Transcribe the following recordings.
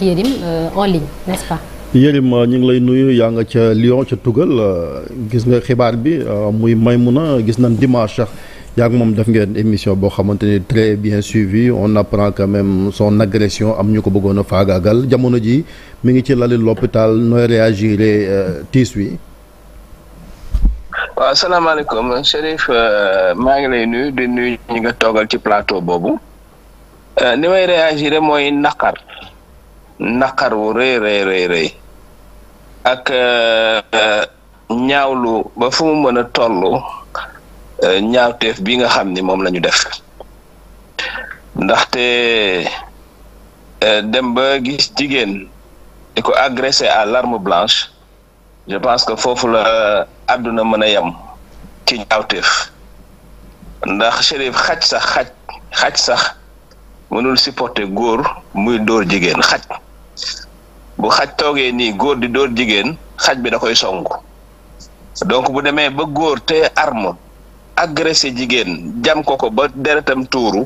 Yérim euh, euh, ñu ngi lay nuyu yaa nga ca Lyon ca Tugal euh, gis nga xibaar bi muy may Maimouna gis nañ dimanche sax yaa ngi moom def ngeen émission boo xamante ni très bien suivi on apprend quand même son agression am ñu ko bëggoon a faagaagal jamono ji mi ngi ci lali lopitaal nooy réagir tiis wi. waaw salaamaaleykum Chérif maa ngi lay nuyu di nuyu ñi nga toogal ci plateau boobu ni may réagir mooy naqar. naqar wu rëy rëy rëy rëy ak euh, euh, ñaawlu ba fu mu mën a toll euh, ñaawteef bi nga xam ni moom la def ndaxte dem ba gis jigéen di ko agressé à l'arme blanche je pense que foofu la àdduna mën a yem ci ñaawteef ndax Chérif xaj sax xaj xaj sax mënul supporter góor muy dóor jigéen xaj bu xaj toogee nii góor di dóor jigéen xaj bi da koy song donc bu demee ba góor te arme agressé jigéen jam ko ko ba deretam tuuru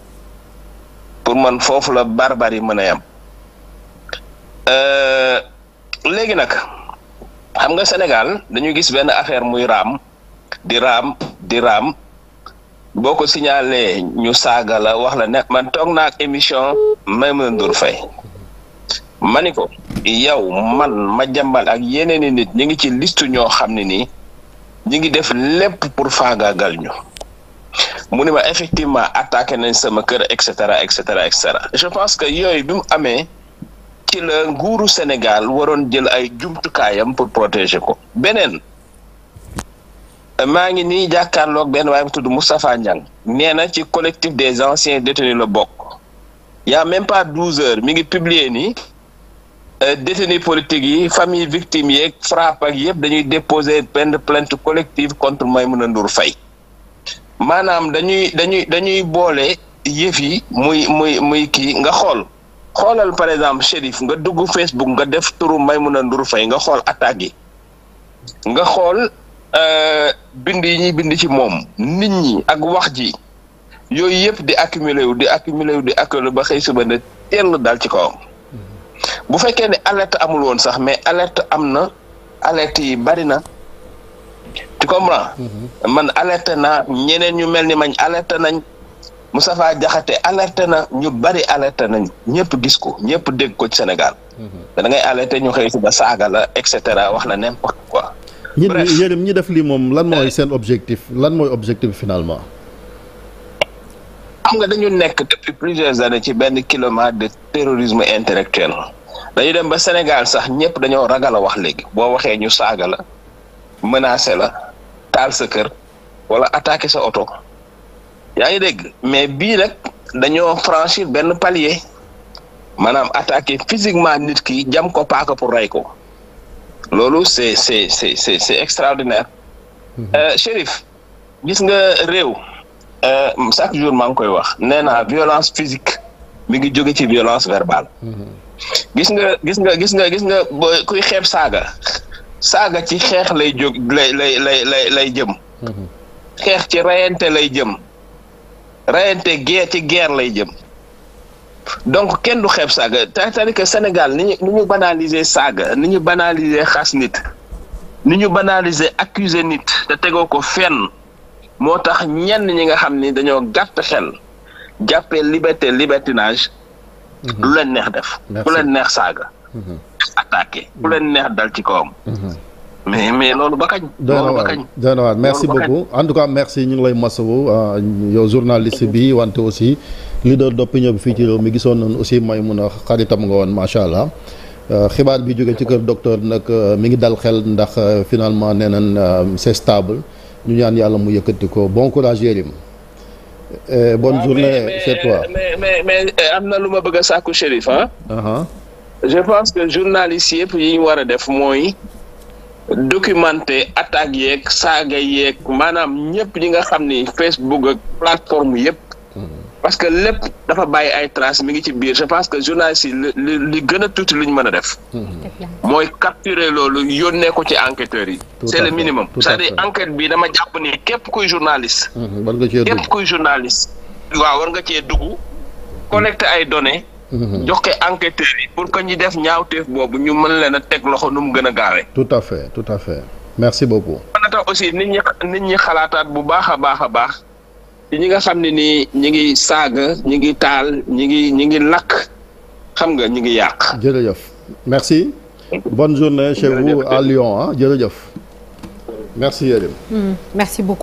pour man foofu la barbar yi mën a yam euh, léegi nag xam nga Sénégal dañu gis benn affaire muy raam di raam di raam boo ko signalé ñu saaga la wax la ne man toog naa ak émission Maimouna Ndour Faye ma ni ko yow man ma jàmbal ak yeneen i nit ñi ngi ci liste ñoo xam ne nii ñi ngi def lépp pour faagaagal ñu mu ne ma effectivement attaqué nañ sama kër et cetera et cetera et cetera je pense que yooyu bi mu amee ci la nguuru Sénégal waroon jël ay jumtukaayam pour protéger ko beneen maa ngi nii jàkkaarloog benn waaye bu tudd Moustapha Niang nee na ci collectif des anciens détenus la bokk y a pas heures mi ngi publier nii Euh, détenus politique yi famille victim yeeg frappe ak yëpp dañuy déposer pen plainte collective contre Maïmouna Ndour fay maanaam dañuy dañuy dañuy boole yëf yi muy muy muy kii nga xool xoolal par exemple Chérif nga dugg Facebook nga def turu Maïmouna Ndour fay nga xool attaque yi nga xool euh, bind yi ñuy bind ci moom nit ñi ak wax ji yooyu yëpp di accumuler wu di accumuler wu di accumuler ba xëy suba ne teel daal ci kawam. bu fekkee ne alerte amul woon sax mais alerte am na alerte yi bari na tu comprends. Mhm. man alerte na ñeneen ñu mel ni mañ alerte nañ Moustapha Diakhaté alerte na ñu bari alerte nañ ñëpp gis ko ñëpp dégg ko ci Sénégal. Mhm. da ngay alerte ñu xëy si ba saaga la et cetera wax la n'importe quoi. bref ñi ñi def lii moom lan mooy euh. seen objectif lan mooy objectif finalement. xam nga dañu nekk depuis plusieurs années ci benn kilomètre de terrorisme intellectuel. dañu dem ba Sénégal sax ñëpp dañoo ragal a wax léegi boo waxee ñu saaga la menacé la taal sa kër wala attaqué sa oto yaa ngi dégg mais bii nag dañoo franchir benn palier maanaam attaqué physiquement nit ki jam ko paaka pour rey ko loolu c'est c'est c'est c'est c'est extraordinaire mhm. euh, Chérif gis nga réew euh, chaque jour maa ngi koy wax nee naa violence physique mi ngi jóge ci violence verbale mhm. gis nga gis nga gis nga gis nga kuy xeeb saaga saaga ci xeex lay jóg lay lay lay lay jëm mhm. xeex ci rayante lay jëm rayante guerre ci guerre lay jëm donc kenn du xeeb saaga cest à Sénégal ni ñu ni ñu saaga ni ñu banaliser xas nit nu ñu banaliser accuser nit te tegoo ko fenn moo tax ñenn ñi nga xam ni dañoo gàtt xel jàppee liberté libertinage Mm-hmm. lu leen neex def. ku leen neex saaga. Mm-hmm. attaqué ku leen neex dal ci kawam. Mm-hmm. mais mais loolu ba kañ. loolu merci beaucoup en tout cas merci ñu ngi lay masawu euh, yow journaliste bi wante aussi leader d'opinion bi fii ci réew mi gisoon nañu aussi may mun a xaritam nga woon macha allah. Euh, xibaar bi jóge ci kër docteur nag euh, mi ngi dal xel ndax finalement nee nañ c'est stable ñu ñaan yàlla mu yëkkati ko bon courage Yérim Euh, bonne ah, mais, mais euh, am na lu ma bëgg a sàkku Chérif uh-huh. je pense que journaliste yëpp yi ñu war a def mooy documenter attaques yeeg saaga yeeg maanaam ñëpp ñi nga xam ni Facebook ak plateforme yëpp. parce que lépp dafa bàyyi ay traces mi ngi ci biir je pense que journaliste yi li li gën a tuuti lu ñu mën a def. mooy capturer loolu yónnee ko ci enquêteurs yi. c'est le minimum c'est-à-dire enquête bi dama jàpp ni képp kuy journaliste. Mhm, war nga cee képp kuy journaliste. waaw war nga cee dugg collecter ay données. Mhm. jox ko enquêteurs yi pour que ñu def ñaawteef boobu ñu mën leen a teg loxo nu mu gën a gaawee. tout à fait tout à fait merci beaucoup. kon nag aussi nit ñi xalaataat bu baax a baax a baax. ñi nga xam ne nii ñi ngi saaga ñi ngi taal ñi ngi ñi ngi lakk xam nga ñi ngi yàq. jërëjëf merci bonne journée chez vous à Lyon ah jërëjëf. merci Yérim. Hmm, merci mu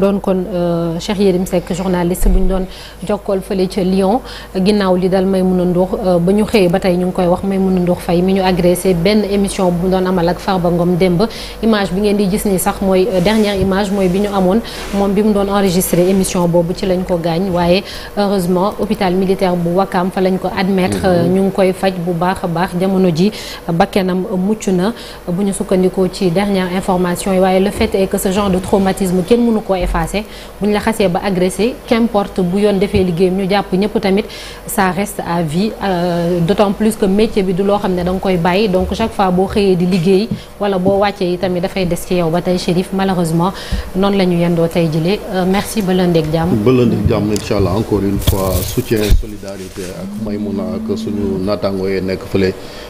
doon kon euh, Cheikh Yérim Seck journaliste bu ñu doon jokkool fële ca Lyon ginnaaw li dal Maimouna Ndour euh, ba ñu xëyee ba tey ñu ngi koy wax Maimouna Ndour Faye mi ñu agressé benn émission bu mu doon amal ak Farba Ngom démb image bi ngeen di gis ni sax mooy euh, dernière image mooy bi ñu amoon moom bi mu doon enregistré émission boobu ci lañ ko gaañ waaye heureusement hôpital militaire bu Wakam fa lañ ko admettre mhm. ñu ngi koy faj bu baax a baax jamono ji bakkenam mucc na bu ñu sukkandikoo ci dernière le fait est que ce genre de kenn mënu koo effacer bu ñu la xasee ba agressé qu'importe bu yoon defee liggéeyam ñu jàpp ñëpp tamit ça reste à vie euh, d'autant plus que métier bi du loo xam ne da nga koy bàyyi donc chaque fois boo xëyee di liggéey wala boo wàccee tamit dafay des ci yow ba tey Chérif malheureusement noonu la ñu yendoo tey jëlee euh, merci ba lundi jàmm. ba lundi ak jàmm incha allah encore une fois soutien solidarité ak Maymouna ak suñu naataangoo yee nekk fële